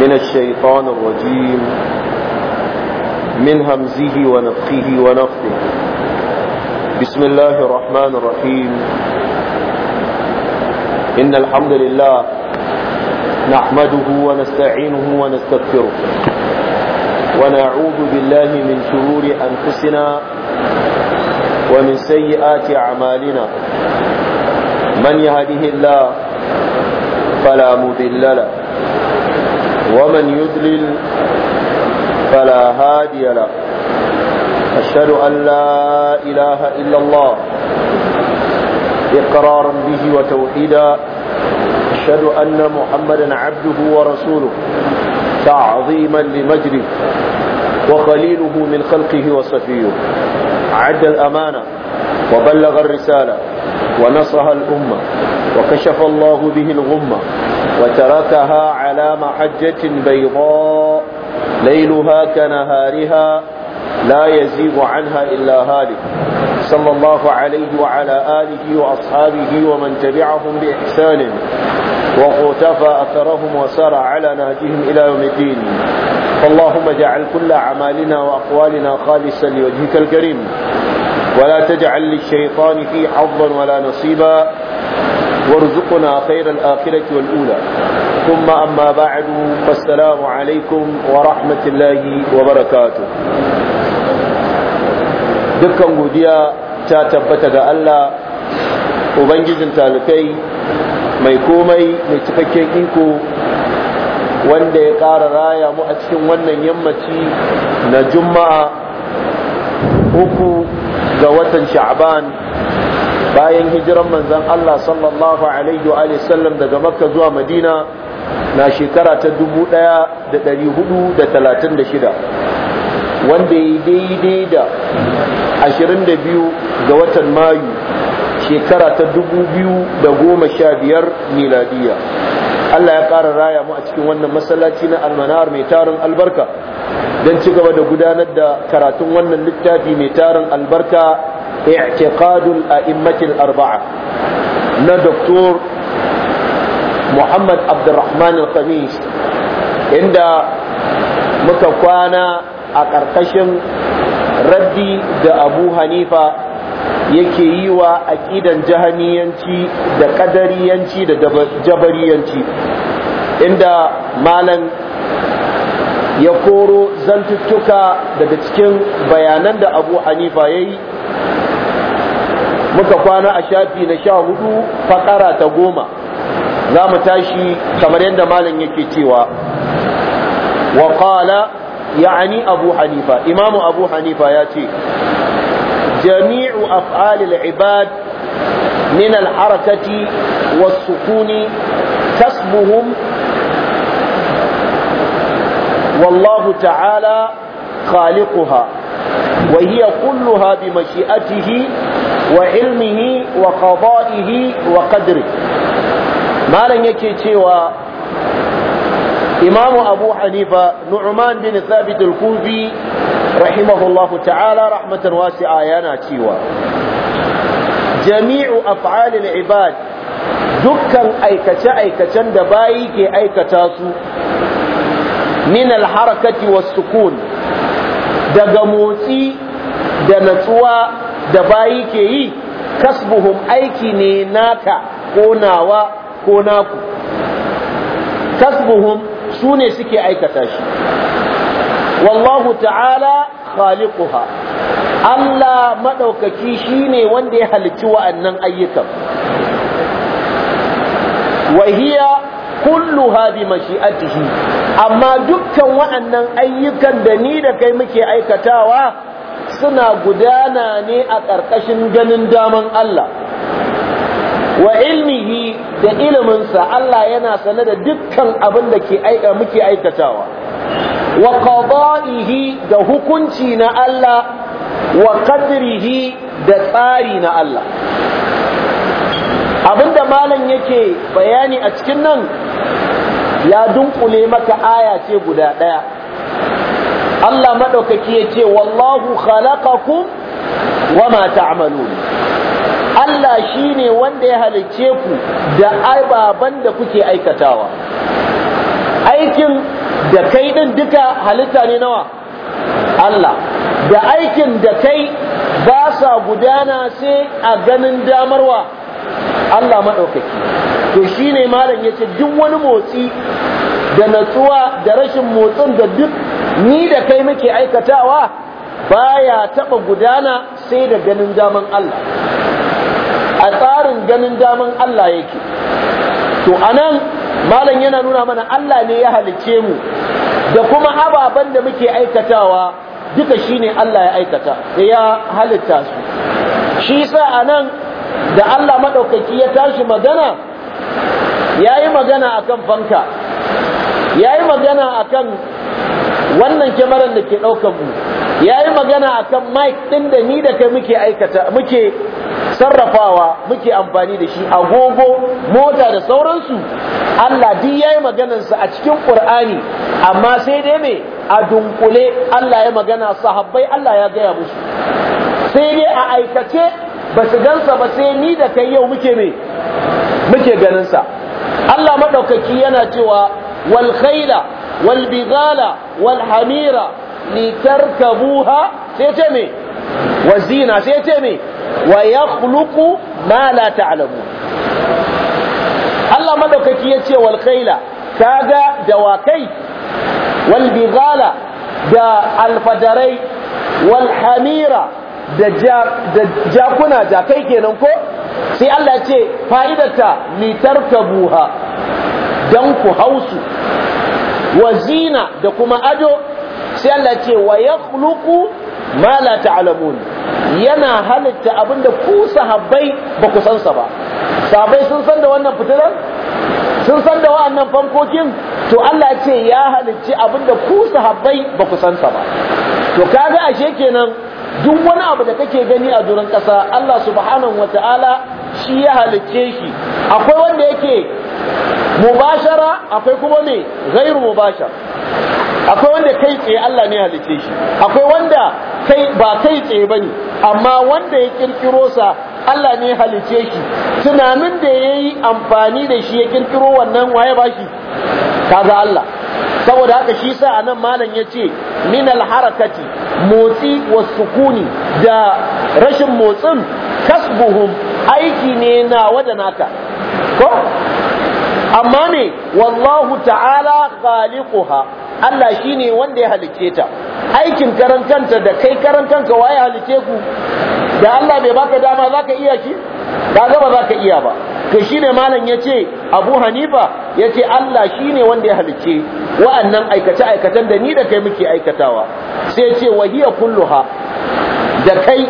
من الشيطان الرجيم من همزه ونفخه ونفخه بسم الله الرحمن الرحيم إن الحمد لله نحمده ونستعينه ونستغفره ونعوذ بالله من شرور أنفسنا ومن سيئات أعمالنا من يهده الله فلا مذل له ومن يدلل فلا هادي له أشهد أن لا إله إلا الله إقرارا به وتوحيدا أشهد أن محمدا عبده ورسوله تعظيما لمجده وخليله من خلقه وصفيه عد الأمانة وبلغ الرسالة ونصها الأمة وكشف الله به الغمة وتركها على محجة بيضاء ليلها كنهارها لا يزيغ عنها إلا هالك صلى الله عليه وعلى آله وأصحابه ومن تبعهم بإحسان وقتفى أثرهم وسار على نهجهم إلى يوم الدين فاللهم اجعل كل أعمالنا وأقوالنا خالصا لوجهك الكريم ولا تجعل للشيطان في حظا ولا نصيبا وارزقنا خير الآخرة والأولى ثم أما بعد فالسلام عليكم ورحمة الله barakatu. dukkan godiya ta tabbata ga Allah ubangijin talibai mai komai mai cikakken iko wanda ya ƙara raya mu a cikin wannan yammaci na juma'a uku ga watan sha'ban bayan hijiran manzan Allah sallallahu alaihi wa sallam daga makka zuwa madina na shekara ta 1436 wanda ya daidai da 22 ga watan mayu shekara ta 2015 miladiya Allah ya ƙara raya mu a cikin wannan masallaci na almanar mai tarin albarka don cigaba da gudanar da karatun wannan littafi mai tarin albarka اعتقاد الأئمة الأربعة نا دكتور محمد عبد الرحمن الخميس عند مكوانا أكركشن ردي دا أبو حنيفة yake yi wa aƙidan jahaniyanci da ƙadariyanci da jabariyanci inda malam ya koro zantuttuka daga cikin bayanan da abu hanifa ya yi muka kwana a shafi na sha hudu fakara ta goma za mu tashi kamar yadda malam yake cewa wa qala ya'ani abu hanifa imamu abu hanifa ya ce jami'u af'alil ibad min al-harakati was-sukuni tasbuhum والله تعالى خالقها وهي كلها بمشيئته وعلمه وقضائه وقدره ما لن يكي تيوى إمام أبو حنيفة نعمان بن ثابت الكوفي رحمه الله تعالى رحمة واسعة يانا تيوى جميع أفعال العباد dukkan aikace-aikacen da bayi ke aikata su min alharakati was sukun daga motsi da natsuwa da bayi ke yi kasbuhum aiki ne naka ko nawa ko naku kasbuhum su ne suke aikata shi wallahu ta'ala khaliquha Allah maɗaukaki shi ne wanda ya halicci wa'annan ayyukan wahiya kulluha bi mashi'atihi amma dukkan wa'annan ayyukan da ni da kai muke aikatawa suna gudana ne a ƙarƙashin ganin daman Allah wa ilmihi da iliminsa Allah yana sane da dukkan abin da muke aikatawa wa qada'ihi da hukunci na Allah wa qadrihi da tsari na Allah abin da malam yake bayani a cikin nan ya dunkule maka aya ce guda ɗaya Allah madaukaki ya ce wallahu khalaqakum wama ta'malun Allah shine wanda ya halicce ku da ababan da kuke aikatawa aikin da kai din duka halitta ne nawa Allah da aikin da kai ba sa gudana sai a ganin damarwa Allah maɗaukaki to shi ne malam ya ce duk wani motsi da natsuwa da rashin motsin da duk ni da kai muke aikatawa baya taba gudana sai da ganin daman Allah a tsarin ganin daman Allah yake to anan malam yana nuna mana Allah ne ya halicce mu da kuma ababen da muke aikatawa duka shine Allah ya aikata ya halitta su shi sa anan da Allah madaukaki ya tashi magana yayi magana akan fanka yayi magana akan wannan kyamarar da ke ɗaukan mu ya yi magana a kan mic ɗin da ni da kai muke aikata muke sarrafawa muke amfani da shi agogo mota da sauransu Allah duk ya yi maganansa a cikin ƙur'ani amma sai dai mai a dunkule Allah ya magana sahabbai Allah ya gaya musu sai dai a aikace ba su gansa ba sai ni da kai yau muke me muke ganinsa Allah maɗaukaki yana cewa wal khaila wal bighala wal hamira litarkabuha sai ce me wa zina ce me wa yakhluqu ma la ta'lamu Allah madaukaki yace wal khayla kaga dawakai wal bighala da alfadarai wal hamira da jakuna jakai kenan ko sai Allah ce litarka buha dan ku hausu wa zina da kuma ado sai Allah ce wa yakhluqu ma la ta'lamun yana halitta abinda ku sahabbai ba ku san sa ba sahabbai sun san da wannan fitilar sun san da wa'annan fankokin to Allah ce ya halitta abinda ku sahabbai ba ku san sa ba to kaga ashe kenan duk wani abu da kake gani a duran ƙasa Allah subhanahu ta'ala shi ya halicce shi akwai wanda yake mubashara akwai kuma me gairu mubashara akwai wanda kai tsaye Allah ne halicce shi akwai wanda kai ba kai tsaye bane amma wanda ya kirkiro sa Allah ne halicce shi tunanin da yayi amfani da shi ya kirkiro wannan waye bashi kaga Allah saboda haka shi sa anan malam yace min al harakati motsi wa sukuni da rashin motsin kasbuhum aiki ne na wada naka ko amma ne wallahu ta'ala khaliquha Allah shine wanda ya halicce ta aikin karantanta da kai karantanka waye halicce ku da Allah bai baka dama zaka iya shi ba ba zaka iya ba shi ne malam yace Abu Hanifa yace Allah shine wanda ya halice wa'annan aikace aikatan da ni da kai muke aikatawa sai yace wahiya kulluha da kai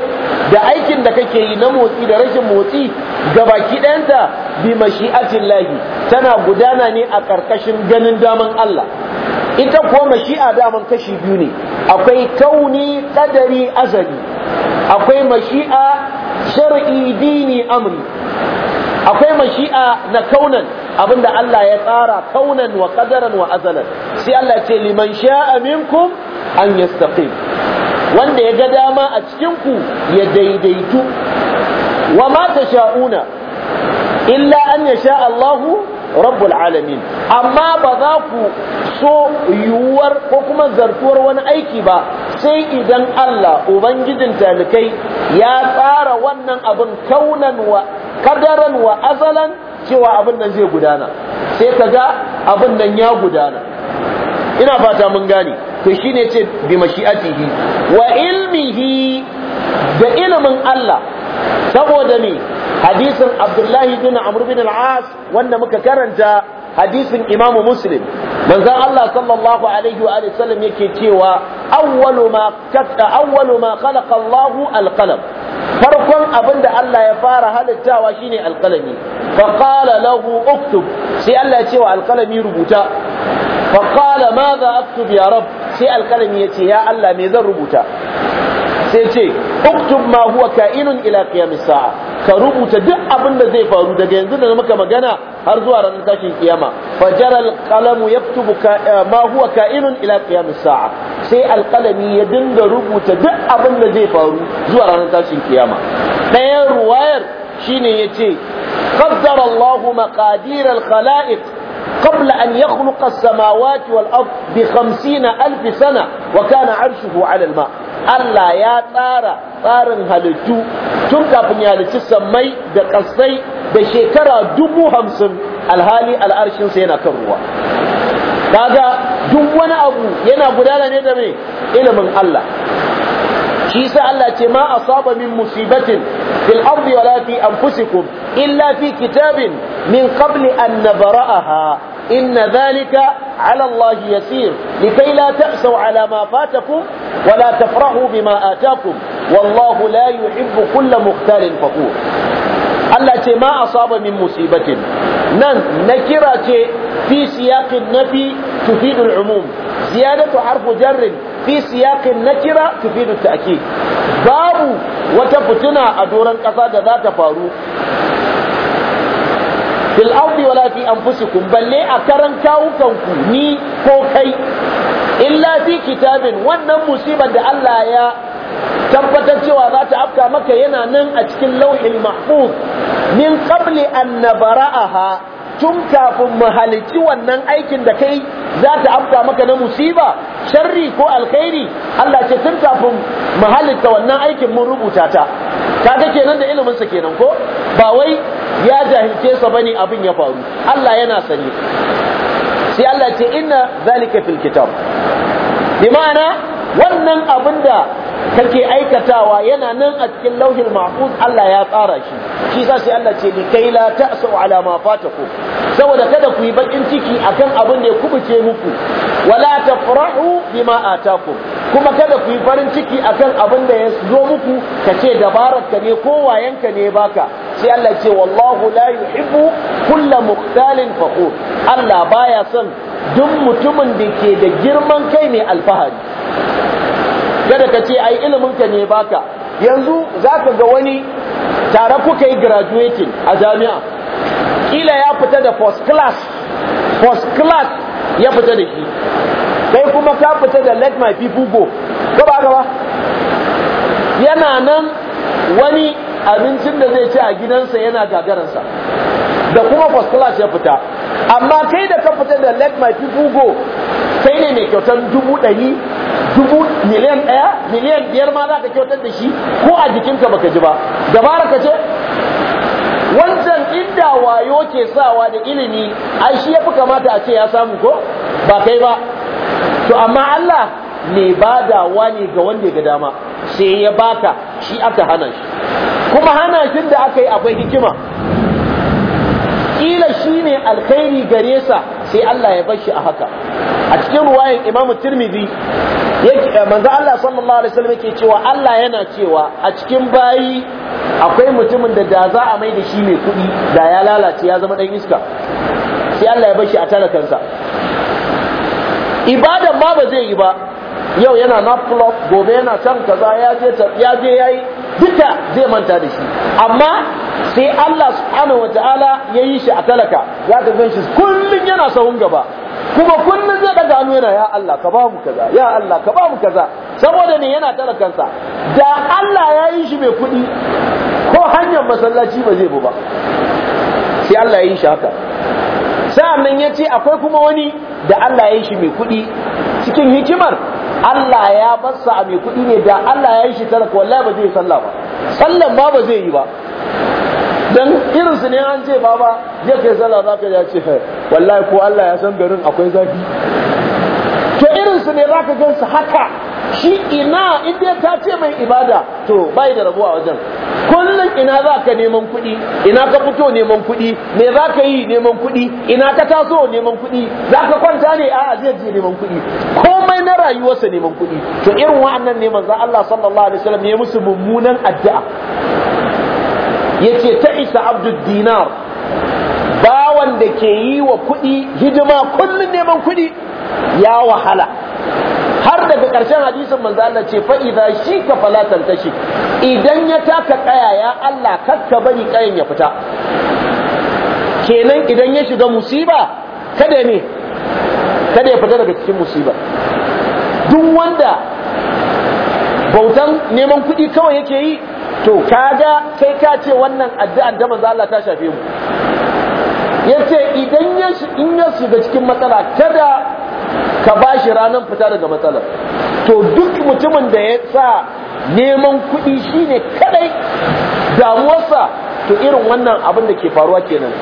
da aikin da kake yi na motsi da rashin motsi baki ɗayanta bi mashi'atin lahi tana gudana ne a ƙarƙashin ganin daman Allah ita kuwa mashi'a daman kashi biyu ne akwai kauni ƙadari azali akwai mashi'a shar'i dini amri akwai mashi'a na kaunan abinda Allah ya tsara kaunan wa kadaran wa azalan sai Allah ce liman sha'a minkum an yastaqim wanda ya ga dama a cikin ku ya daidaitu wa ma tasha'una illa an yasha Allahu rabbul alamin amma ba za ku so yiwuwar ko kuma zartuwar wani aiki ba sai idan Allah ubangijin talikai ya tsara wannan abin kaunan wa kadaran wa azalan cewa abin nan zai gudana sai ka ga abin nan ya gudana ina fata mun gane to shine ce bi mashi'atihi wa ilmihi da ilimin Allah saboda ne hadisin Abdullahi bin Amr bin al-As wanda muka karanta hadisin Imam Muslim manzon Allah sallallahu alaihi wa sallam yake cewa awwalu ma katta awwalu ma khalaqa Allah al-qalam farkon abin da Allah ya fara halittawa shine alkalami fa qala lahu uktub sai Allah ya ce wa alkalami rubuta fa qala madha aktub ya rab sai alkalami ya ce ya Allah me zan rubuta sai ce uktub ma huwa ka'inun ila qiyamis sa'a ka rubuta duk abin da zai faru daga yanzu da muka magana har zuwa ranar tashin kiyama fajar alqalamu yaktubu eh, ma huwa ka'inun ila qiyamis sa'a sai alqalami ya dinga rubuta duk abin da zai faru zuwa ranar tashin kiyama ɗayan ruwayar shine yace qaddara Allahu maqadir al-khalaiq قبل أن يخلق السماوات والأرض بخمسين alfisana سنة وكان عرشه على الماء Allah ya tsara tsarin halittu tun kafin ya halitti sammai da ƙasai da shekara dubu hamsin alhali al'arshinsa yana kan ruwa. Kaga duk wani abu yana gudana ne da mai ilimin Allah. Shi sa Allah ce ma asaba min musibatin fil ardi an fi anfusikum إلا في كتاب من قبل أن نبرأها إن ذلك على الله يسير لكي لا تأسوا على ما فاتكم ولا تفرحوا بما آتاكم والله لا يحب كل مختال فخور Allah ما أصاب من مصيبة نن نعم، نكرة في سياق النفي تفيد العموم زيادة حرف جر fi siyaqin nakira tufidu ta'kid babu wata fituna a doron kasa da za ta faru fil ardi wala fi anfusikum balle a karan ku ni ko kai illa fi kitabin wannan musibar da Allah ya tabbatar cewa za ta afka maka yana nan a cikin lauhin mahfuz min qabli an nabara'aha tun kafin mu halicci wannan aikin da kai za ta amsa maka na musiba sharri ko alkhairi Allah ce tun kafin mu halitta wannan aikin mun rubuta ta kaga kenan da ilimin sa kenan ko ba wai ya jahilce sa bane abin ya faru Allah yana sani sai Allah ce inna zalika fil kitab bi ma'ana wannan abin da kake aikatawa yana nan a cikin lauhin mahfuz Allah ya tsara shi shi sa sai Allah ce likai la ta'sau ala ma fatakum saboda kada ku yi bakin ciki akan abin da ya kubuce muku wala tafrahu bima atakum kuma kada ku yi farin ciki akan abin da ya zo muku kace dabarar ka ne ko wayanka ne baka sai Allah ce wallahu la yuhibbu kulla mukhtalin fakhur Allah baya son duk mutumin da ke da girman kai mai alfahari kada ka ce ai ilimin ka ne baka yanzu zaka ga wani tare kuka yi graduating a jami'a kila ya fita da first class first class ya fita da shi kai kuma ka fita da let my people go ko ba ba yana nan wani abincin da zai ci a gidansa yana gagaransa da kuma first class ya fita amma kai da ka fita da let my people go kai ne mai kyautar dubu ɗari dubu miliyan ɗaya miliyan biyar ma za ka kyautar da shi ko a jikinka baka ji ba dabara ka ce wancan inda wayo ke sawa da ilimi ai shi yafi kamata a ce ya samu ko ba kai ba to amma Allah mai badawa ne ga wanda ga dama sai ya baka shi aka hana shi kuma hana shi da aka yi akwai hikima kila shine alkhairi gare sa sai Allah ya bashi a haka a cikin ruwayan imamu Tirmidhi eh, manzo Allah sallallahu alaihi wasallam yake cewa Allah yana cewa a cikin bayi akwai mutumin da da za a mai da shi mai kuɗi da ya lalace ya zama dan iska sai Allah ya bashi a tara kansa ibadan ma ba zai yi ba yau yana na club gobe yana can kaza ya je ya je yayi duka zai manta da shi amma sai Allah subhanahu wataala ya yi shi a talaka za ka gan shi kullum yana sahun gaba kuma kullum zai daga hannu yana ya Allah ka ba mu kaza ya Allah ka ba mu kaza saboda ne yana talakansa da Allah ya yi shi mai kuɗi ko hanyar masallaci ba zai bu ba sai Allah ya yi shi haka sa'annan ya ce akwai kuma wani da Allah ya yi shi mai kuɗi cikin hikimar Allah ya bassa a mai kuɗi ne da Allah ya yi shi talaka wallahi ba zai yi sallah ba sallan ma ba zai yi ba dan irin su ne an ce baba je kai sallah zaka ya ce wallahi ko Allah ya san garin akwai zafi to irin su ne za ka gansu haka shi ina in ta ce mai ibada to bai da rabuwa wajen kullum ina za ka neman kuɗi ina ka fito neman kuɗi me za ka yi neman kuɗi ina ka taso neman kuɗi za ka kwanta ne a zai je neman kuɗi komai na rayuwarsa neman kuɗi to irin wa'annan ne za Allah sallallahu alaihi wasallam ya musu mummunan addu'a yace ta isa abdul dinar bawan da ke yi wa kuɗi hidima kullum neman kuɗi ya wahala har daga ƙarshen hadisin manzo Allah ce fa idza shika fala tantashi idan ya taka kaya ya Allah kakka bari kayan ya fita kenan idan ya shiga musiba kada ne kada ya fita daga cikin musiba duk wanda bautan neman kuɗi kawai yake yi to kaga kai ka ce wannan addu'an da manzo Allah ta shafe mu yace idan ya in ya shiga cikin matsala kada ka bashi ranar fita daga matsalar to duk mutumin da ya sa neman kuɗi shine kadai damuwarsa to irin wannan abin da ke faruwa kenan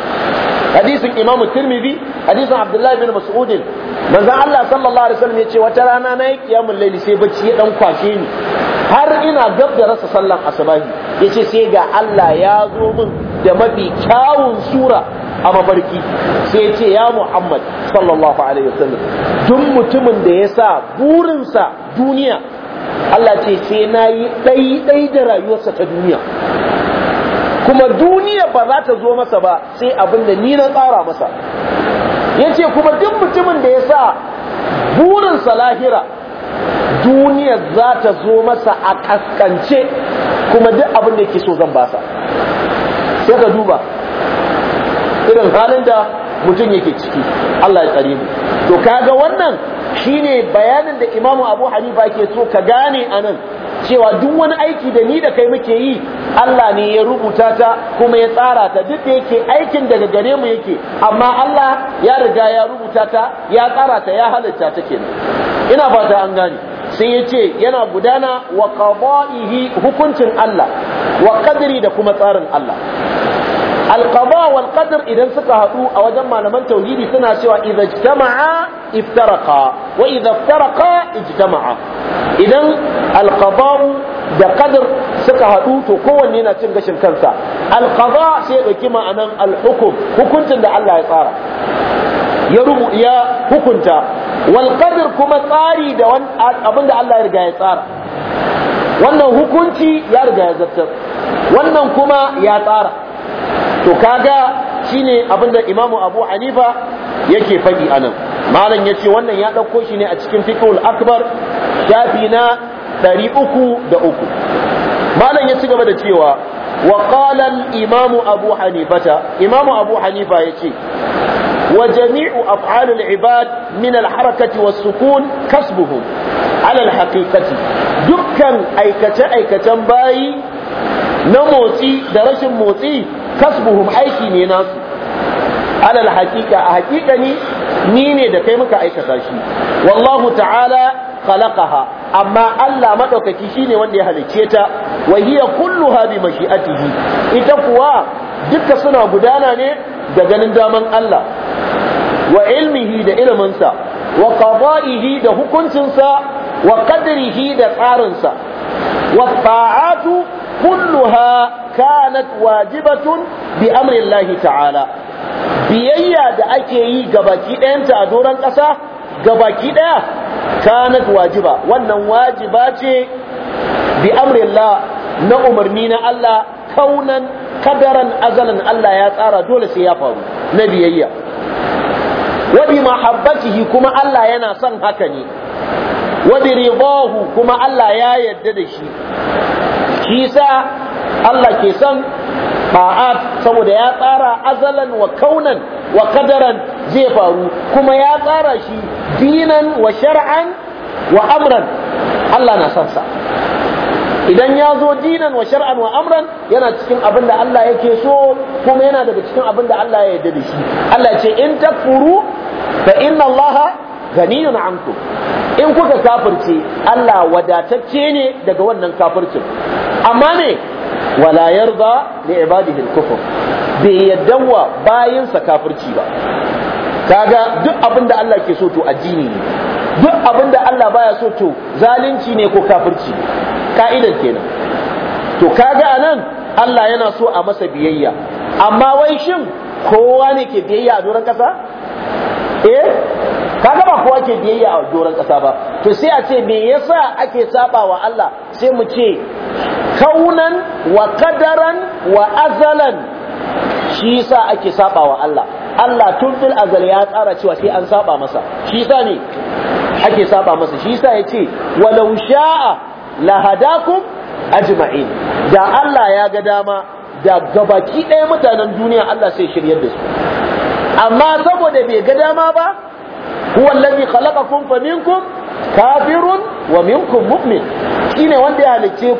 hadisin imamu tirmidhi hadisin abdullahi bin mas'udin manzon Allah sallallahu alaihi wasallam yace wata rana nayi kiyamul laili sai bacci ya dan kwashe ni har ina gab da rasa sallan asubahi yace sai ga Allah ya zo min da mafi kyawun sura a mafarki sai ya ce ya Muhammad sallallahu alaihi wasallam duk mutumin da ya sa burinsa duniya Allah ce sai na yi ɗai da rayuwarsa ta duniya kuma duniya ba za ta zo masa ba sai abin da ni na tsara masa yace kuma duk mutumin da ya sa burinsa lahira duniya za ta zo masa a kaskance kuma duk abin da yake so zan basa sai ka duba irin halin da mutum yake ciki Allah ya tsare mu to kaga wannan shine bayanin da Imam Abu Hanifa ke so ka gane anan cewa duk wani aiki da ni da kai muke yi Allah ne ya rubuta ta kuma ya tsara ta duk da yake aikin daga gare mu yake amma Allah ya riga ya rubuta ta ya tsara ta ya halitta ta kenan ina fata an gane sai ya ce yana gudana wa qada'ihi hukuncin Allah wa qadri da kuma tsarin Allah alqada wal qadr idan suka haɗu a wajen malaman tauhidi suna cewa idza ijtama'a iftaraqa wa idza iftaraqa ijtama'a idan alkabaru da qadar suka haɗu to kowanne na cin gashin kansa alqada sai ya ɗauki ma'anan alhukum hukuncin da Allah ya tsara ya rubu ya hukunta wal qadar kuma tsari da abin da Allah ya riga ya tsara wannan hukunci ya riga ya zartar wannan kuma ya tsara to kaga shine abin da Imam Abu Hanifa yake faɗi anan malam ya ce wannan ya ɗauko shi ne a cikin fiqhul akbar shafi na ɗari uku da uku malam ya ci gaba da cewa wa qala al imam abu hanifata imam abu hanifa ce wa jami'u af'al al ibad min al harakati was sukun kasbuhu ala al haqiqati dukkan aikace aikacen bayi na motsi da rashin motsi kasbuhum aiki ne nasu alal haqiqa a haqiqa ni ni ne da kai muka aikata shi wallahu ta'ala khalaqaha amma Allah madaukaki shine wanda ya halicce ta wa hiya kulluha bi mashi'atihi ita kuwa duka suna gudana ne da ganin daman Allah wa ilmihi da iliminsa wa qada'ihi da hukuncinsa wa qadrihi da tsarinsa wa ta'atu kulluha kanat wajibatun bi amri Allah ta'ala biyayya da ake yi ga baki ɗayanta a doron ƙasa ga baki ɗaya kanat wajiba wannan wajiba ce bi amrillah na umarni na Allah kaunan kadaran azalin Allah ya tsara dole sai ya faru na biyayya wa mahabbatihi kuma Allah yana son haka ne wa ridahu kuma Allah ya yarda da shi shi sa Allah ke son ta'at saboda ya tsara azalan wa kaunan wa kadaran zai faru kuma ya tsara shi dinan wa shar'an wa amran Allah na san sa idan ya zo dinan wa shar'an wa amran yana cikin abin da Allah yake so kuma yana daga cikin abin da Allah ya yarda da shi Allah ce in takfuru fa inna Allah ganiyun ankum in kuka kafirce Allah wadatacce ne daga wannan kafircin amma ne wala yarda li ibadihi al-kufr wa yaddawa sa kafirci ba kaga duk abinda Allah ke so to addini ne duk abinda Allah baya so to zalunci ne ko kafirci ka'idar kenan to kaga anan Allah yana so a masa biyayya amma wai shin kowa ne ke biyayya a doron kasa eh kaga ba kowa ke biyayya a doron kasa ba to sai a ce me yasa ake saba wa Allah sai mu ce kaunan wa qadaran wa azalan shi sa ake saba wa Allah Allah tun fil azal ya tsara cewa sai an saba masa shi sa ne ake saba masa shi ya yace walau sha'a lahadakum hadakum ajma'in da Allah ya ga dama da gabaki ɗaya mutanen duniya Allah sai shiryar da su amma saboda bai ga dama ba huwa allazi khalaqakum faminkum kafirun wa minkum mu'min shine wanda ya halicce ku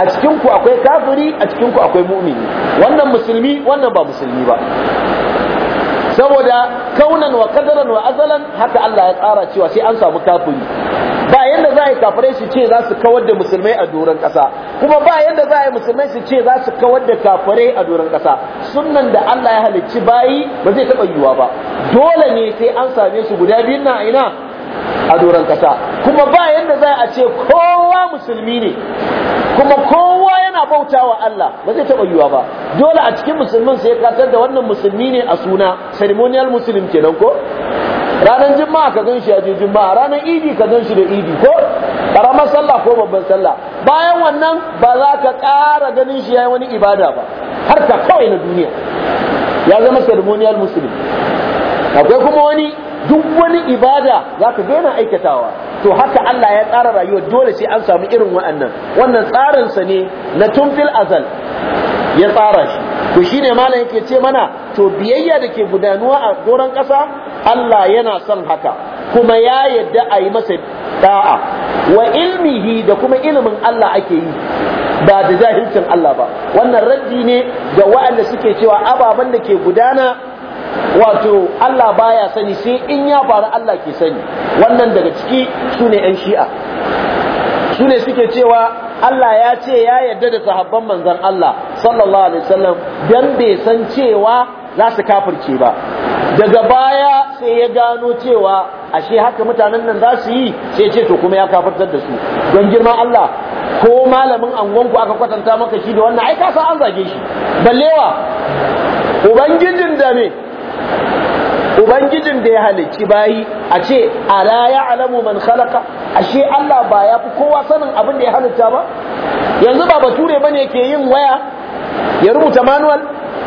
a cikin ku akwai kafiri a cikin ku akwai mu'mini wannan musulmi wannan ba musulmi ba saboda kaunan wa kadaran wa azalan haka Allah ya tsara cewa sai an samu kafiri ba yanda za a yi kafirai su ce za su kawar da musulmai a doron ƙasa kuma ba yanda za a yi musulmai su ce za su kawar da kafirai a doron ƙasa sunnan da Allah ya halicci bayi ba zai taɓa yiwuwa ba dole ne sai an same su guda biyun na ina a doron kasa kuma ba yadda za a ce kowa musulmi ne kuma kowa yana bauta wa Allah ba zai taɓa yiwa ba dole a cikin musulmin sai kasar da wannan musulmi ne a suna ceremonial muslim kenan ko ranar juma'a ka gan shi a juma'a ranar idi ka gan shi da idi ko ƙaramar sallah ko babban sallah bayan wannan ba za ka ƙara ganin shi ya yi wani ibada ba har ka kawai na duniya ya zama ceremonial muslim akwai kuma wani duk wani ibada za ka daina aikatawa to haka Allah ya tsara rayuwa dole sai an samu irin wa'annan wannan tsarinsa ne na tun fil azal ya tsara shi to shine malam yake ce mana to biyayya da ke gudanuwa a doron ƙasa Allah yana son haka kuma ya yadda a yi masa da'a wa ilmihi da kuma ilimin Allah ake yi ba da jahilcin Allah ba wannan raddi ne ga waɗanda suke cewa ababen da ke gudana wato Allah baya sani sai in ya faru Allah ke sani wannan daga ciki su ne 'yan shi'a su ne suke cewa Allah ya ce ya yarda da sahabban manzan Allah sallallahu alaihi wasallam dan bai san cewa za su kafirce ba daga baya sai ya gano cewa ashe haka mutanen nan za su yi sai ce to kuma ya kafirtar da su don girma Allah ko malamin angonku aka kwatanta maka shi da wannan ai ka san an zage shi ballewa ubangijin da me ubangijin da ya halicci bayi a ce ala ya alamu man khalaqa ashe Allah ba ya fi kowa sanin abin da ya halitta ba yanzu ba bature bane ke yin waya ya rubuta manual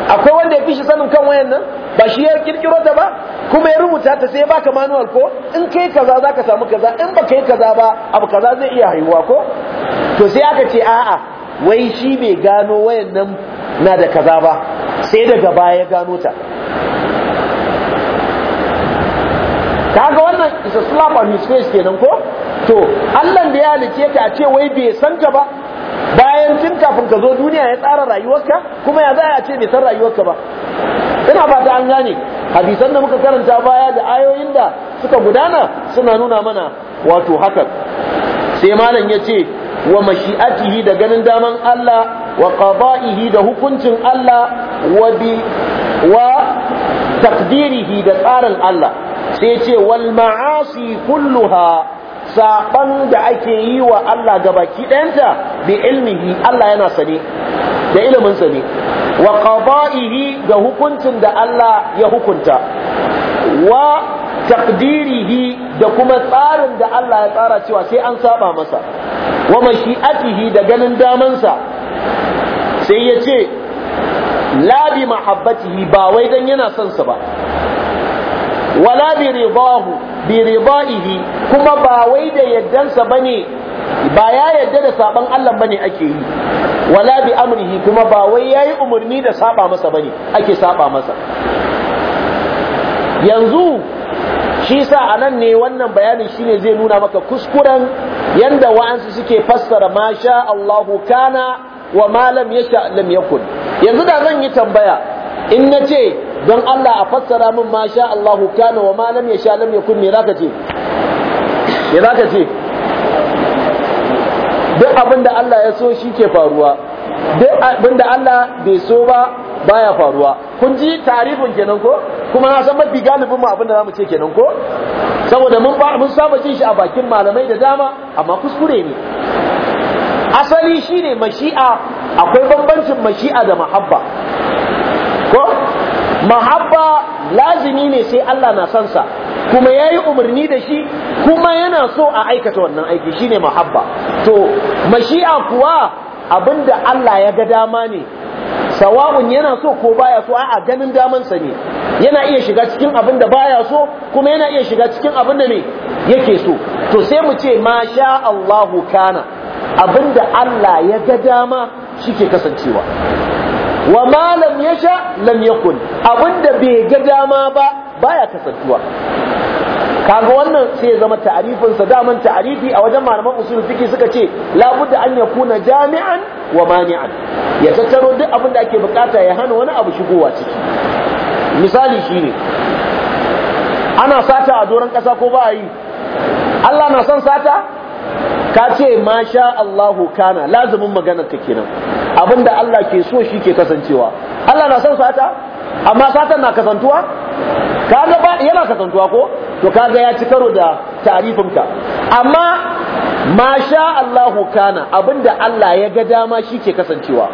akwai wanda ya fi shi sanin kan wayan nan ba shi ya kirkiro ta ba kuma ya rubuta ta sai baka manual ko in kai kaza zaka samu kaza in baka yi kaza ba abu kaza zai iya haihuwa ko to sai aka ce a'a wai shi bai gano wayan nan na da kaza ba sai daga baya ya gano ta kaga wannan is a slap on his face kenan ko to Allah da ya halice ka a ce wai bai san ka ba bayan tun kafin ka zo duniya ya tsara rayuwarka kuma ya za a ce bai san rayuwarka ba ina fata an gane hadisan da muka karanta baya da ayoyin da suka gudana suna nuna mana wato haka sai malam ya ce wa mashi'atihi da ganin daman Allah wa qada'ihi da hukuncin Allah wa bi wa taqdirihi da tsarin Allah sai ce wal ma'asi kulluha saban da ake yi wa Allah gabaki ɗayanta bi ilmihi Allah yana sane da ilimin sane wa qada'ihi da hukuncin da Allah ya hukunta wa taqdirihi da kuma tsarin da Allah ya tsara cewa sai an saba masa wa mashi'atihi da ganin damansa sai ya ce la bi mahabbatihi ba wai dan yana son sa ba wala bi ridahu bi kuma ba wai da yaddansa bane ba ya yadda da saban Allah bane ake yi wala bi amrihi kuma ba wai yayi umarni da saba masa bane ake saba masa yanzu shi sa a nan ne wannan bayanin shine zai nuna maka kuskuren yanda wa'ansu suke fassara ma sha Allahu kana wa ma lam yasha lam yakun yanzu da zan yi tambaya in ce. don Allah a fassara min ma sha Allahu kana wa ma lam sha lam yakun me zaka ce me zaka ce duk abin da Allah ya so shi ke faruwa duk abin da Allah bai so ba baya faruwa kun ji tarihin kenan ko kuma na san mafi galibin mu abin da zamu ce kenan ko saboda mun mun saba jin shi a bakin malamai da dama amma kuskure ne asali shine mashi'a akwai bambancin mashi'a da mahabba mahabba lazimi ne sai Allah na son sa kuma yayi umarni da shi kuma yana so a aikata wannan aiki shine mahabba to mashi'a kuwa abinda Allah ya ga dama ne sawa'un yana so ko baya so a'a ganin daman sa ne yana iya shiga cikin abin baya so kuma yana iya shiga cikin abinda da ne yake so to sai mu ce ma Allahu kana abinda Allah ya ga dama shike kasancewa wa malam ya sha lam yakun abinda bai ga dama ba baya kasantuwa kaga wannan sai ya zama ta'arifin sa daman ta'arifi a wajen malaman usul suka ce labudda an yakuna jami'an wa mani'an ya tattaro duk abin da ake bukata ya hana wani abu shigowa ciki misali shine ana sata a doron kasa ko ba yi Allah na son sata ka ce ma sha Allahu kana lazumin maganar ka kenan abinda Allah ke so shi ke kasancewa Allah na son sata amma satan na kasantuwa ga ba yana kasantuwa ko to kaga ya ci karo da tarifin ka amma masha Allahu kana abinda Allah ya ga dama shi ke kasancewa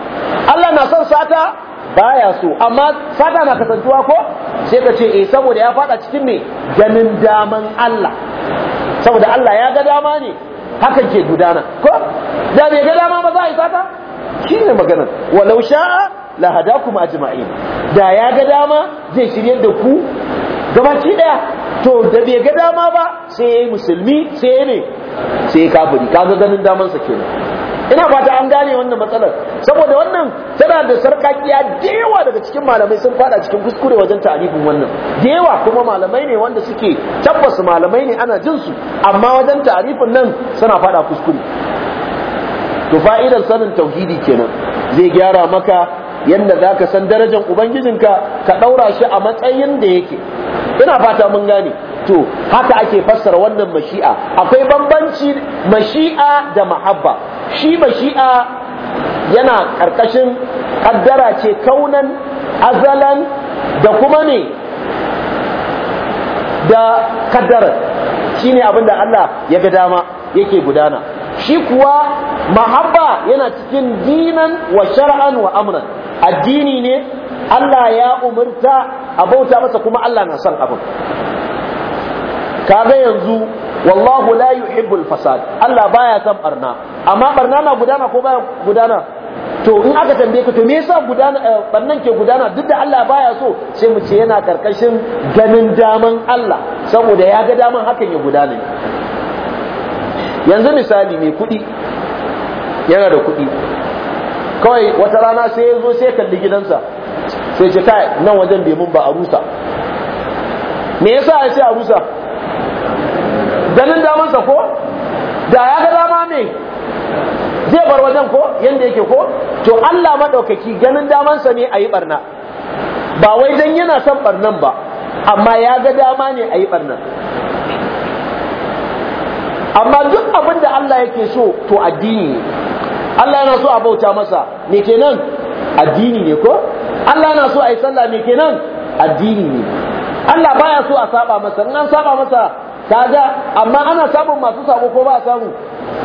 Allah na son sata baya so amma sata na kasantuwa ko sai ka ce eh saboda ya fada cikin me ganin daman Allah saboda Allah ya ga dama ne hakan ke gudana ko da bai ga dama ba za a yi sata shine maganar walau sha'a la hadakum ajma'in da ya ga dama zai shiryar da ku gabaki ɗaya to da bai ga dama ba sai ya yi musulmi sai ya ne sai ya kafiri kaga ganin damansa kenan ina fata an gane wannan matsalar saboda wannan tana da sarkakiya da yawa daga cikin malamai sun fada cikin kuskure wajen ta'arifin wannan da yawa kuma malamai ne wanda suke tabbas malamai ne ana jin su amma wajen ta'arifin nan suna fada kuskure to fa'idar sanin tauhidi kenan zai gyara maka yadda za ka san darajar ubangijinka ka ɗaura shi a matsayin da yake ina fata mun gane to haka ake fassara wannan mashi'a akwai bambanci mashi'a da mahabba shi ba shi'a yana ƙarƙashin ƙaddara ce kaunan azalan da kuma ne da ƙaddara shi ne abin da Allah ya ga dama yake gudana shi kuwa mahabba yana cikin dinan wa shar'an wa amran addini ne Allah ya umarta a bauta masa kuma Allah na son abin kaga yanzu wallahu la yuhibbul fasad Allah baya son barna amma barna na gudana ko baya gudana to in aka tambaye ka to me yasa gudana eh, barnan ke gudana duk da Allah baya so sai mu ce yana karkashin ganin daman Allah saboda ya ga daman hakan ya gudana yanzu misali mai kuɗi yana da kuɗi kawai wata rana sai ya sai kalli gidansa sai ce kai nan wajen bai mun ba a rusa me yasa ya ce a rusa ganin damansa ko da ya ga dama ne zai bar wajen ko yadda yake ko to Allah maɗaukaki ganin damansa ne a yi ɓarna ba wai dan yana son ɓarnan ba amma ya ga dama ne a yi ɓarnan. amma duk abin da Allah yake so to addini ne Allah yana so a bauta masa me kenan addini ne ko Allah yana so a yi sallah me kenan addini ne Allah baya so a saba masa in an saba masa kaga amma ana samun masu sabo ko ba samu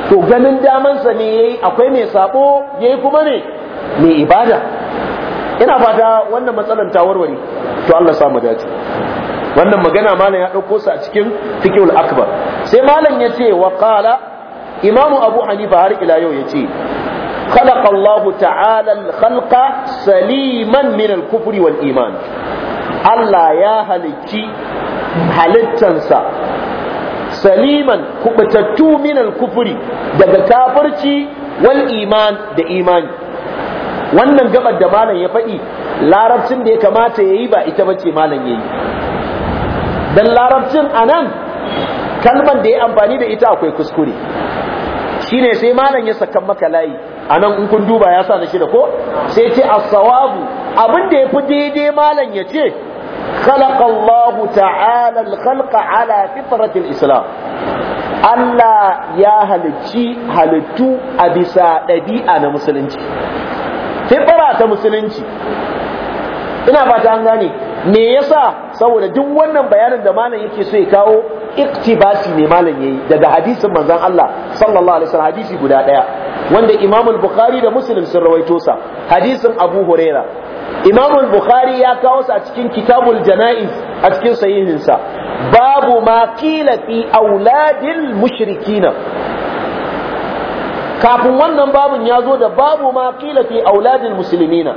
to ganin damansa ne yayi akwai mai sabo yayi kuma ne mai ibada ina fata wannan matsalan ta warware to Allah sa mu dace wannan magana malam ya dauko a cikin fiqhul akbar sai malam ya ce wa qala imamu abu hanifa har ila yau ya ce خلق الله تعالى الخلق سليما من الكفر والإيمان Allah ya halicci halittansa saliman kubatattu min al-kufri daga kafirci wal iman da imani wannan gabar da malam ya faɗi larabcin da ya kamata yayi ba ita bace malam yayi dan larabcin anan kalman da ya amfani da ita akwai kuskure shine sai malam ya saka maka layi anan in kun duba ya sa shi da ko sai ce as-sawabu abin da yafi daidai malam ya ce خلق الله تعالى ala على فطرة الإسلام Allah ya halicci halittu a bisa ɗabi'a na musulunci. Fitara ta musulunci, ina fata an gane me yasa saboda duk wannan bayanin da malam yake so ya kawo iktibasi ne malam yayi daga hadisin manzon Allah sallallahu alaihi wasallam hadisi guda daya wanda Imam al-Bukhari da Muslim sun rawaito sa hadisin Abu Huraira Imam al-Bukhari ya kawo sa a cikin Kitabul Janaiz a cikin sahihin sa babu ma qila fi auladil mushrikina kafin wannan babun ya zo da babu ma qila fi auladil muslimina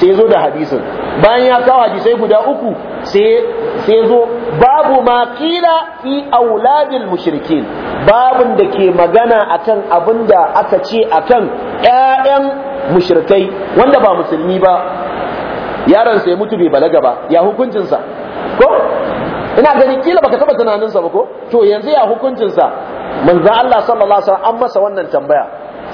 sai zo da hadisin bayan ya kawo hadisai guda uku sai zo babu ma kila fi auladil mushrikin babun da ke magana akan abin da aka ce akan ƴaƴan mushrikai wanda ba musulmi ba yaron sai mutu bai balaga ba ya hukuncinsa ko ina gani kila baka taba tunaninsa ba ko to yanzu ya hukuncinsa manzo Allah sallallahu alaihi wasallam an masa wannan tambaya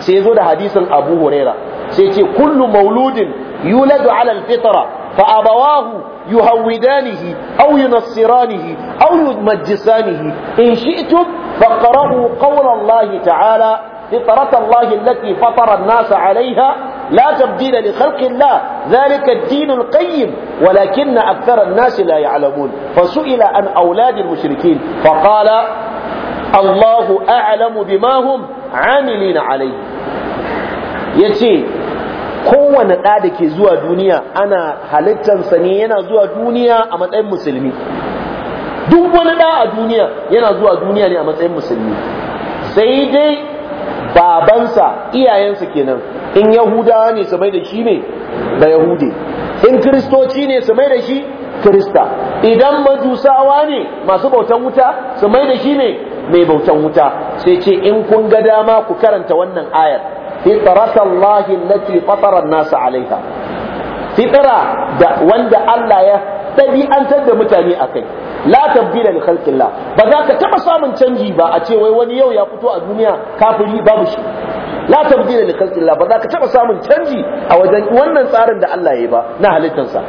sai zo da hadisin Abu Huraira sai ce kullu mauludin يولد على الفطرة فأبواه يهودانه أو ينصرانه أو يمجسانه إن شئتم فاقرأوا قول الله تعالى فطرة الله التي فطر الناس عليها لا تبديل لخلق الله ذلك الدين القيم ولكن أكثر الناس لا يعلمون فسئل عن أولاد المشركين فقال الله أعلم بما هم عاملين عليه يتي kowane ɗa da ke zuwa duniya ana halittansa ne yana zuwa duniya a matsayin musulmi duk wani ɗa a duniya yana zuwa duniya ne a matsayin musulmi sai dai babansa iyayensa kenan in yahudawa ne su mai da shi ne ba yahude in kiristoci ne su mai da shi kirista idan majusawa ne masu bautan wuta su mai da shi ne mai bautan wuta sai ce in kun ga dama ku karanta wannan ayar Allah allati fatara an-nas alaiha fitra da wanda Allah ya dabi'antar da mutane akai la tabdila li khalqillah ba za ka taba samun canji ba a ce wai wani yau ya fito a duniya kafiri babu shi la tabdila li khalqillah ba za ka taba samun canji a wajen wannan tsarin da Allah ya ba na halittarsa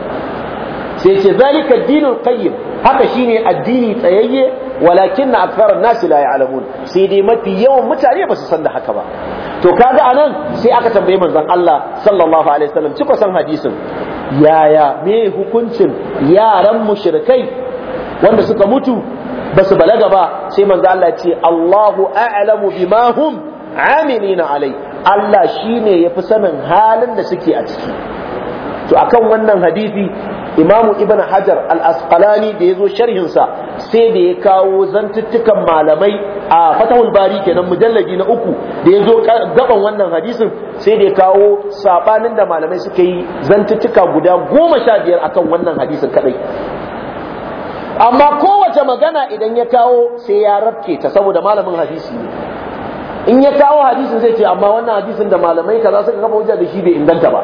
sai ce zalika dinul qayyim haka shine addini tsayayye walakin na aksarar nasi la ya'lamun sai dai mafi yawan mutane ba su san da haka ba to kaga anan sai aka tambayi manzan Allah sallallahu alaihi wasallam ciko san hadisin yaya me hukuncin yaran mushirikai wanda suka mutu ba su balaga ba sai manzan Allah ce Allahu a'lamu bima hum amilina alai Allah shi shine yafi sanin halin da suke a ciki to akan wannan hadisi imamu ibn hajar al-asqalani da yazo sharhin sa sai da ya kawo zantuttukan malamai a fatahul bari kenan mujallaji na uku da ya zo gaban wannan hadisin sai da ya kawo sabanin da malamai suka yi zantuttuka guda goma sha biyar akan wannan hadisin kadai amma kowace magana idan ya kawo sai ya rabke ta saboda malamin hadisi ne in ya kawo hadisin zai ce amma wannan hadisin da malamai kaza suka kafa hujja da shi bai inganta ba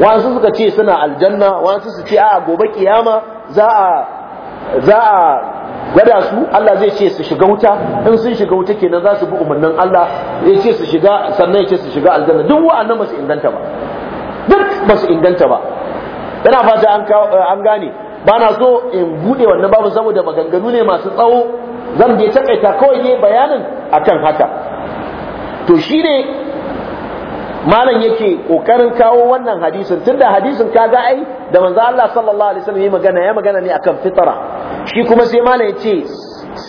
wasu suka ce suna aljanna wasu su ce a gobe kiyama za a za a gwada su Allah zai ce su shiga wuta in sun shiga wuta kenan za su bi umarnin Allah ya ce su shiga sannan ya ce su shiga aljanna duk wa'annan ba su inganta ba duk ba su inganta ba yana fata an gane ba na so in bude wannan babu saboda maganganu ne masu tsawo zan je takaita kawai ne bayanin akan haka to shine malam yake kokarin kawo wannan hadisin tunda hadisin kaga ai da manzo Allah sallallahu alaihi wasallam yayi magana ya magana ne akan fitra shi kuma sai malam ya ce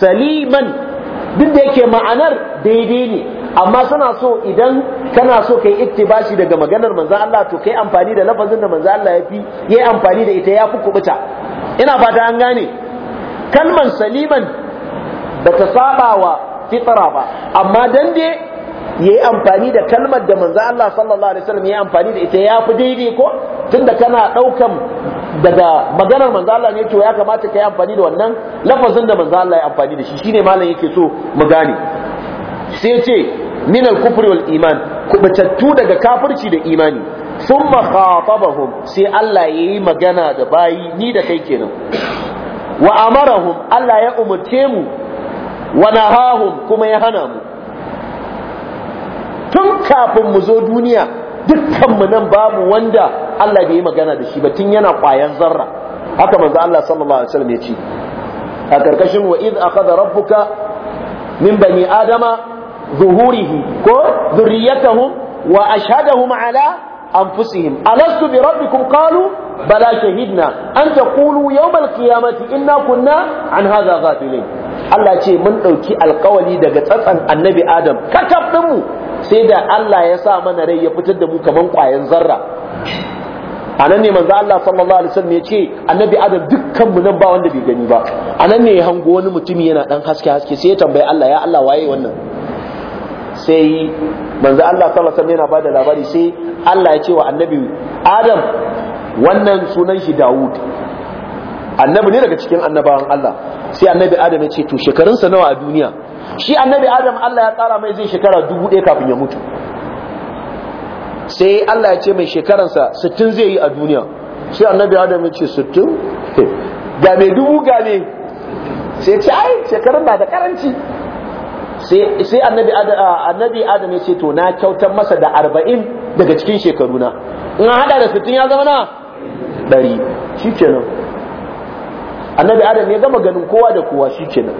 saliman duk da yake ma'anar daidai ne amma suna so idan kana so kai ittibashi daga maganar manzo Allah to kai amfani da lafazin da manzo Allah ya fi yayi amfani da ita ya fi kubuta ina fata an gane kalman saliman bata saba wa fitra ba amma dan dai yayi amfani da kalmar da manzo Allah sallallahu alaihi wasallam yayi amfani da ita ya fi daidai ko tunda kana daukan daga maganar manzo Allah ne to ya kamata kai amfani da wannan lafazin da manzo Allah ya amfani da shi shine malam yake so mu gane sai ce min al-kufri wal iman kubatattu daga kafirci da imani summa khatabahum sai Allah yayi magana da bayi ni da kai kenan wa amarahum Allah ya umurce mu wa nahahum kuma ya hana mu tun kafin mu zo duniya dukkanmu nan babu wanda Allah bai yi magana da shi ba tun yana ƙwayan zarra haka manzo Allah sallallahu alaihi wasallam ya ce a karkashin wa id akhadha rabbuka min bani adama zuhurihi ko dhurriyyatahum wa ashhadahum ala anfusihim alastu bi rabbikum qalu bala shahidna an taqulu yawm al inna kunna an hadha ghafilin Allah ce mun dauki alkawali daga tsatsan annabi Adam ɗin dinmu sai da Allah ya sa mana rai ya fitar da mu kaman ƙwayan zarra anan ne manzo Allah sallallahu alaihi wasallam ya ce annabi adam dukkan mu nan ba wanda bai gani ba anan ne ya hango wani mutumi yana dan haske haske sai ya tambayi Allah ya Allah waye wannan sai manzo Allah sallallahu alaihi wasallam yana bada labari sai Allah ya ce wa annabi Adam wannan sunan shi Dawud annabi ne daga cikin annabawan Allah sai annabi Adam ya ce to shekarunsa nawa a duniya shi annabi adam Allah ya tsara mai zai shekara dubu ɗaya kafin ya mutu sai Allah ya ce mai shekaransa sittin zai yi a duniya sai annabi adam ya ce sittin ga mai dubu ga sai ce ai shekarun na da karanci sai annabi adam ya ce to na kyautar masa da arba'in daga cikin shekaruna in haɗa da sittin ya zama na ɗari shi kenan annabi adam ya gama ganin kowa da kowa shi kenan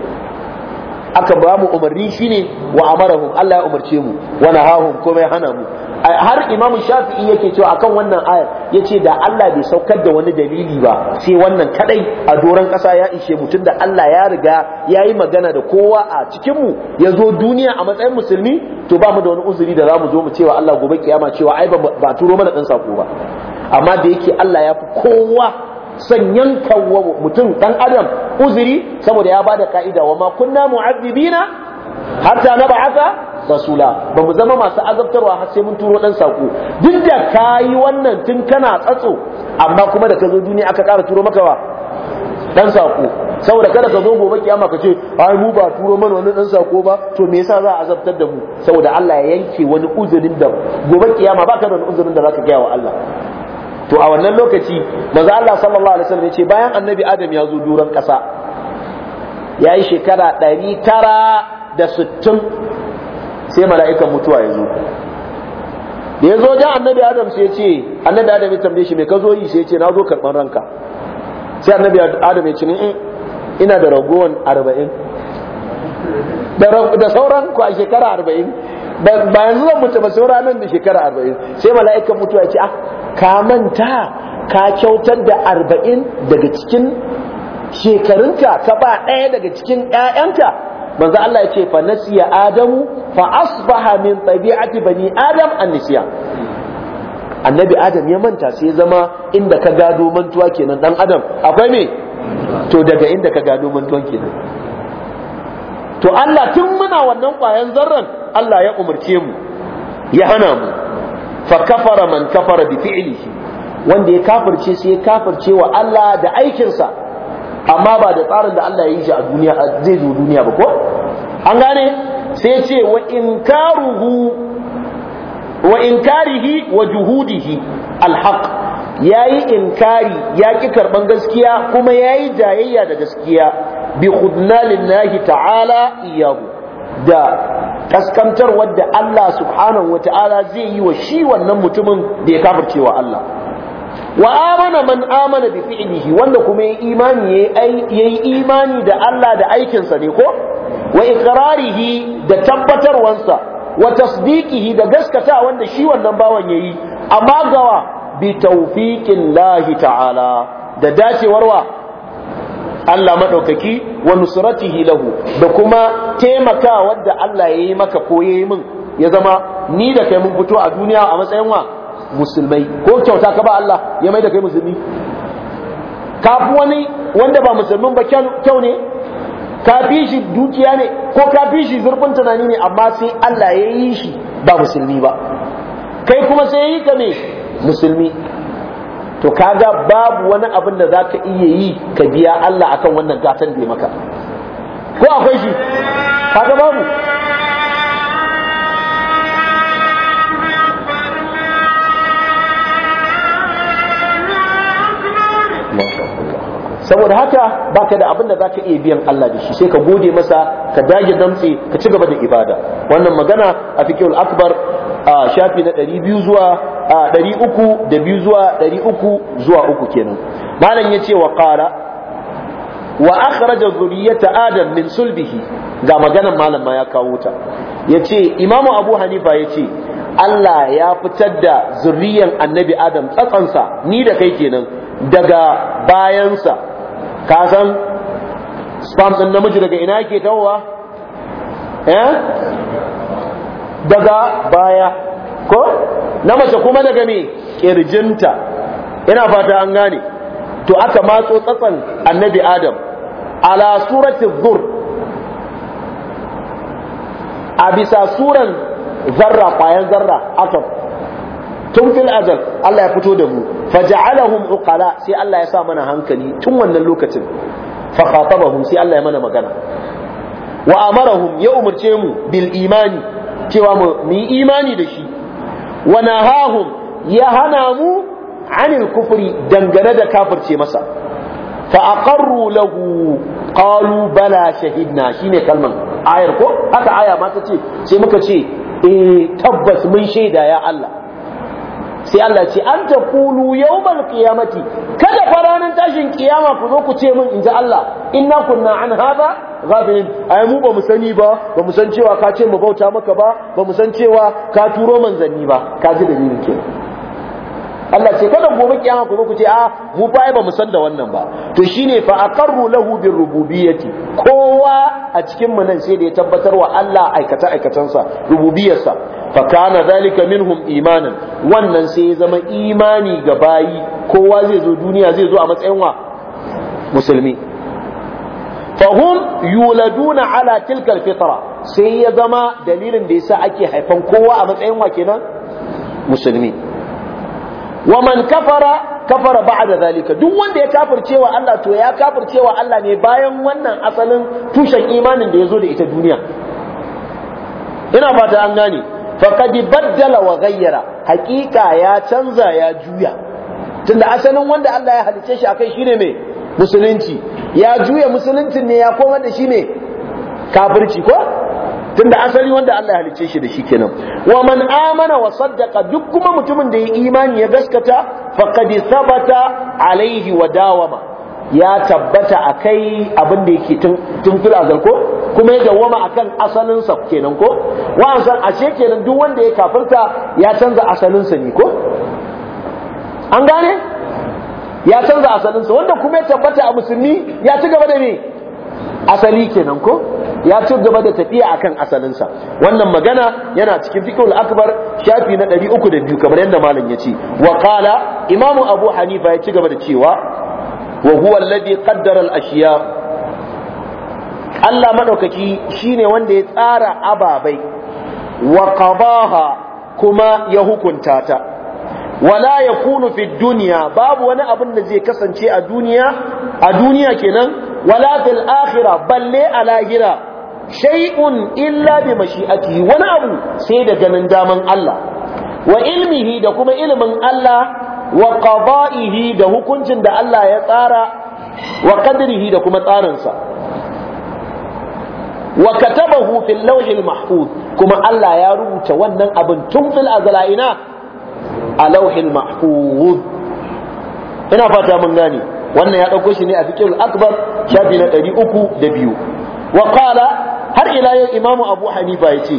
aka ba mu umarni shine wa amarahum Allah ya umarce mu wa nahahum kuma ya hana mu har imamu shafi'i yake cewa akan wannan ayar yace da Allah bai saukar da wani dalili ba sai wannan kadai a doron kasa ya ishe mu tunda Allah ya riga ya yi magana da kowa a cikin mu ya zo duniya a matsayin musulmi to ba mu da wani uzuri da za mu zo mu cewa Allah gobe kiyama cewa ai ba turo mana dan sako ba amma da yake Allah ya fi kowa sanyan kawo mutum dan adam uzuri saboda ya bada ka'ida wa ma kunna mu'azzibina hatta nab'atha rasula ba mu zama masu azabtarwa har sai mun turo dan sako duk da kayi wannan tun kana tsatso amma kuma da kazo zo duniya aka ƙara turo maka ba dan sako saboda kada ka zo gobe kiyama ka ce ai mu ba turo mana wani dan sako ba to me yasa za a azabtar da mu saboda Allah ya yanke wani uzurin da gobe kiyama ba ka da uzurin da zaka gaya wa Allah to a wannan lokaci manzo Allah sallallahu alaihi wasallam yace bayan annabi adam ya zo duran kasa yayi shekara 960 sai mala'ikan mutuwa ya zo da ya zo ga annabi adam sai ya ce annabi adam ya tambaye shi me ka zo yi sai ya ce na zo karɓar ranka sai annabi adam ya ce ni mm, mm, ina da ragowan arba'in da sauran ku a shekara arba'in ba yanzu zan mutu ba sauran nan da shekara arba'in sai mala'ikan mutuwa ya ce ah ka manta ka kyautar da arba'in daga cikin shekarunka ka ba ɗaya daga cikin ‘ya'yanka manzo Allah ya ce fa nasiya adamu fa asbaha min tabi'ati bani adam annisiya annabi adam ya manta sai ya zama inda ka gado mantuwa kenan dan adam akwai me to daga inda ka gado mantuwa kenan to Allah tun muna wannan ƙwayan zarran Allah ya umarce mu ya hana mu fa kafara man kafara wanda ya kafirce sai ya kafirce wa Allah da aikinsa amma ba da tsarin da Allah ya yi shi a duniya zai zo duniya ba ko an gane sai ce wa inkaruhu wa inkarihi wa juhudihi alhaq yayi inkari ya ki karban gaskiya kuma yayi jayayya da gaskiya bi khudna lillahi ta'ala iyahu da kaskantar wadda Allah subhanahu wata'ala zai yi wa shi wannan mutumin da ya kafirce wa Allah wa amana man amana bi wanda kuma ya imani yayi imani da Allah da aikinsa ne ko wa iqrarihi da tabbatarwansa wa tasdiqihi da gaskata wanda shi wannan bawan yayi amma gawa bi taufiƙin lahi ta'ala da dacewarwa Allah madaukaki wa nusratihi lahu da kuma taimaka wanda Allah ya yi maka ko ya yi min ya zama ni da kai mun fito a duniya a matsayin wa musulmai ko kyauta ka ba Allah ya mai da kai musulmi ka fi wani wanda ba musulmin ba kyau ne ka fi shi dukiya ne ko ka fi shi zurfin tunani ne amma sai Allah ya yi shi ba musulmi ba kai kuma sai yi ka ne musulmi to kaga babu wani abin da zaka iya yi ka biya Allah akan wannan gatan da ya maka ko akwai shi kaga babu saboda haka baka da abin da zaka iya biyan Allah da shi sai ka gode masa ka dage damtse ka ci gaba da ibada wannan magana a fiqhul akbar a shafi na 200 zuwa ɗari uku da biyu zuwa ɗari uku zuwa uku kenan malam yace ce wa ƙara wa akhraja zuriyata adam min sulbihi ga maganan malam ma ya kawo ta yace imamu abu hanifa yace Allah ya fitar da zuriyan annabi adam tsatsansa ni da kai kenan daga bayansa ka san sperm din namiji daga ina yake tawowa eh daga baya ko na mace kuma daga me kirjinta ina fata an gane to aka matso tsatsan annabi adam ala surati dhur a bisa suran zarra kwayan zarra atom tun fil azal Allah ya fito da mu faja'alahum uqala sai Allah ya sa mana hankali tun wannan lokacin fa khatabahum sai Allah ya mana magana wa amarahum ya umarce mu bil imani cewa mu yi imani da shi wa nahahum ya hana mu anil kufri dangane da kafirce masa fa aqarru lahu qalu bala shahidna shine kalman ayar ko haka aya ma ce sai muka ce eh tabbas mun shaida ya Allah sai Allah ce an taqulu yawmal qiyamati kada faranin tashin kiyama ku zo ku ce min inji Allah inna kunna an hadha gabin ai mu ba mu sani ba ba mu san cewa ka ce mu bauta maka ba ba mu san cewa ka turo manzanni ba ka ji da ni kenan Allah ce kada gobe kiyama ku ku ce a ah, mu fa ba mu san da wannan ba to shine fa aqarru lahu bir rububiyyati kowa a cikin mu nan sai da ya tabbatar wa Allah aikata aikatansa rububiyarsa fa kana zalika minhum imanan wannan sai ya zama imani ga bayi kowa zai zo duniya zai zo a matsayin wa musulmi fahum yuladuna ala tilkar fitra sai ya zama dalilin da yasa ake haifan kowa a matsayin wa nan musulmi wa man kafara kafara ba'da zalika duk wanda ya kafircewa Allah to ya kafircewa Allah ne bayan wannan asalin tushen imanin da yazo da ita duniya ina fata an gane faqad baddala wa ghayyara hakika ya canza ya juya tunda asalin wanda Allah ya halice shi akai shine mai. musulunci ya juya musuluncin ne ya koma da shi ne kafirci ko tunda asali wanda Allah ya halicce shi da shi kenan wa man amana wa saddaqa duk kuma mutumin da ya imani ya gaskata faqad sabata alaihi wa dawama ya tabbata akai abin da yake tun tun azal ko kuma ya dawama akan asalin sa kenan ko wa san ashe kenan duk wanda ya kafirta ya canza asalin sa ne ko an gane ya canza asalinsa wanda kuma ya tabbata a musulmi ya ci gaba da ne asali kenan ko ya ci gaba da tafiya akan asalinsa wannan magana yana cikin fikul akbar shafi na 302 kamar yadda malam ya ce wa qala imam abu hanifa ya ci gaba da cewa wa huwa alladhi qaddara al-ashiya Allah madaukaki shine wanda ya tsara ababai wa qadaha kuma ya hukunta ta wala ya fi dunya babu wani abin da zai kasance a duniya a duniya kenan wala fil akhirah balle a lahira shay'un illa bi mashi'atihi wani abu sai da ganin daman Allah wa ilmihi da kuma ilimin Allah wa qada'ihi da hukuncin da Allah ya tsara wa qadrihi da kuma tsarinsa wa katabahu fil lawhil mahfuz kuma Allah ya rubuta wannan abin tun fil ina a lauhin mahfuz ina fata mun gane wannan ya dauko shi ne a fiqhul akbar shafi na 302 wa qala har ila yau imam abu hanifa yace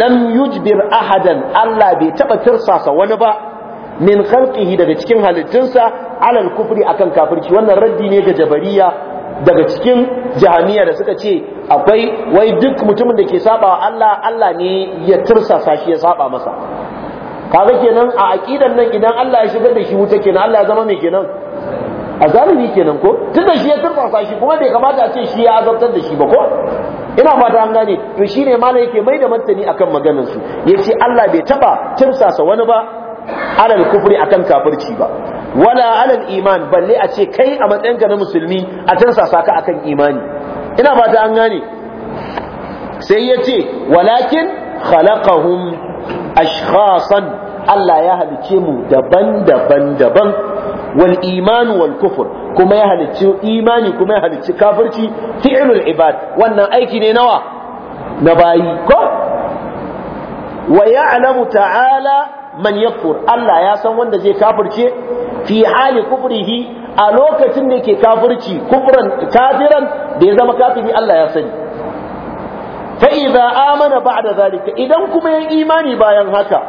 lam yujbir ahadan Allah bai taba tirsasa wani ba min khalqihi daga cikin halittunsa alal kufri akan kafirci wannan raddi ne ga jabariya daga cikin jahaniya da suka ce akwai wai duk mutumin da ke saba Allah Allah ne ya tursasa shi ya saba masa kaga kenan a aqidan nan idan Allah ya shigar da shi wuta kenan Allah ya zama mai kenan azalimi kenan ko da shi ya turfasa shi kuma bai kamata a ce shi ya azabtar da shi ba ko ina fata an gane to shine malai yake mai da martani akan maganar su yace Allah bai taba tirsasa wani ba alal kufri akan kafirci ba wala alal iman balle a ce kai a matsayinka na musulmi a tirsasa ka akan imani ina fata an gane sai yace walakin khalaqahum ashkhasan Allah ya halice mu daban-daban daban wal iman wal kufur kuma ya halicci imani kuma ya halicci kafirci fi'lul ibad wannan aiki ne nawa na bayi ko wa ya'lamu ta'ala man yakfur Allah ya san wanda zai kafirce fi hali kufrihi a lokacin da yake kafirci kufran kafiran da ya zama kafiri Allah ya sani fa idza amana ba'da zalika idan kuma ya imani bayan haka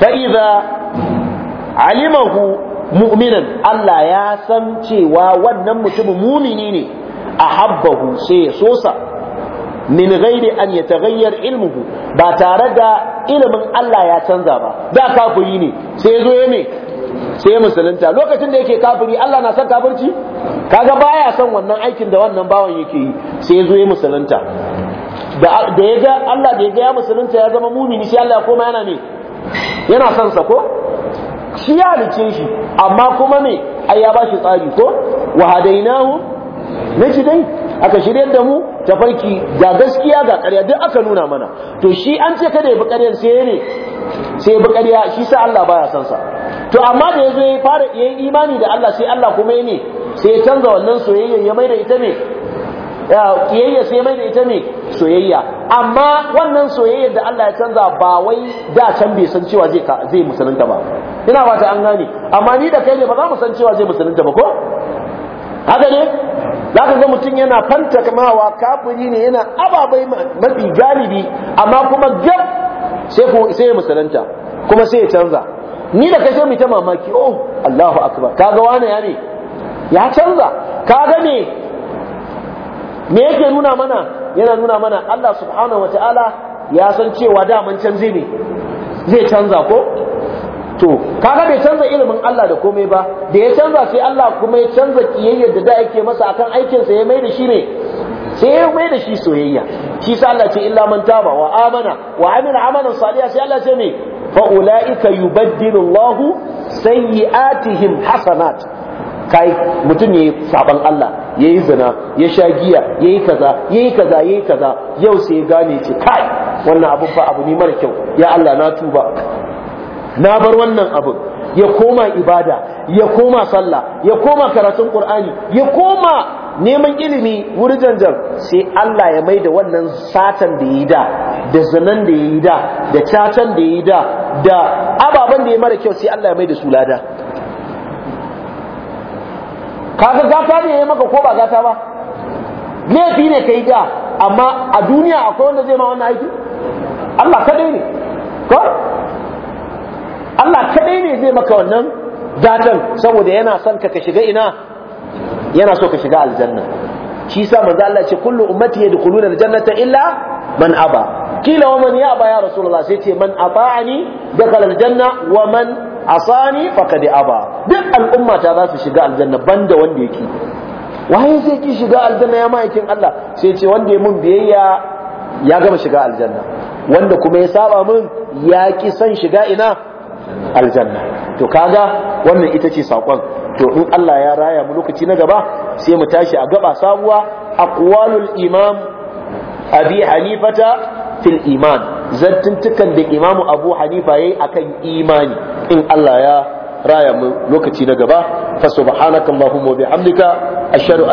fa idza alimahu mu'minan Allah ya san cewa wannan mutumin mumini ne ahabbahu sai ya sosa min ghairi an yataghayyar ilmuhu ba tare da ilimin Allah ya canza ba da kafiri ne sai zo ya me sai musulunta lokacin da yake kafiri Allah na son kafirci kaga baya son wannan aikin da wannan bawan yake yi sai ya ya musulunta da ya ga Allah da ya ga ya musulunta ya zama mumini sai Allah ya koma yana ne yana son sa ko shi ya lice shi amma kuma me ai ya bashi tsari ko wa hadainahu naji dai aka shirye da mu tafarki ga gaskiya ga ƙarya duk aka nuna mana to shi an ce kada ya bi ƙaryar sai ne sai ya bi ƙarya shi sa Allah baya son sa to amma da yazo ya fara yayi imani da Allah sai Allah kuma ya ne sai ya canza wannan soyayya ya mai da ita ne kiyayya sai mai da ita ne soyayya amma wannan soyayya da Allah ya canza ba wai da can bai san cewa zai zai musulunta ba ina fata an gane amma ni da kai ne ba za mu san cewa zai musulunta ba ko haka ne za ka ga mutum yana fanta kamawa kafiri ne yana ababai mafi galibi amma kuma gab sai ya musulunta kuma sai ya canza ni da kai sai mu ta mamaki oh Allahu akbar kaga wane ya ne ya canza kaga ne me yake nuna mana yana nuna mana Allah subhanahu wataala ya san cewa da mun zai ne zai canza ko to kaga bai canza ilimin Allah da komai ba da ya canza sai Allah kuma ya canza kiyayyar da da yake masa akan aikinsa ya mai da shi ne sai ya mai da shi soyayya shi sa Allah ce illa man taba wa amana wa amila amalan sai Allah ce me fa ulaika yubaddilu Allah sayyi'atihim hasanat kai mutum yayi saban Allah yayi zina ya sha giya yayi kaza yayi kaza yayi kaza yau sai ya gane ce kai wannan abu fa abu ne mara kyau ya Allah na tuba na bar wannan abu ya koma ibada ya koma sallah ya koma karatun qur'ani ya koma neman ilimi wuri janjar sai Allah ya mai da wannan satan da yi da da zanen da yi da da cacan da yi da da ababen da ya mara kyau sai Allah ya mai da su lada kaga gata ne ya maka ko ba gata ba laifi ne kai da amma a duniya akwai wanda zai ma wannan aiki Allah kadai ne ko Allah kadai ne zai maka wannan gatan saboda yana son ka ka shiga ina yana so ka shiga aljanna shi sa manzo Allah ce kullu ummati yadkhuluna aljannata illa man aba kila wa man yaba ya rasulullah sai ce man aba'ani dakhala aljanna wa man asani faqad aba duk al'umma ta za su shiga aljanna banda wanda yake waye zai ki shiga aljanna ya ma'aikin Allah sai ce wanda ya mun biyayya ya gama shiga aljanna wanda kuma ya saba mun ya ki son shiga ina aljanna to kaga wannan ita ce sakon to in Allah ya raya mu lokaci na gaba sai mu tashi a gaba sabuwa aqwalul imam abi hanifata fil iman zattuntukan da imam abu hanifa yayi akan imani in Allah ya raya mu lokaci na gaba fa subhanakallahumma wa bihamdika ashhadu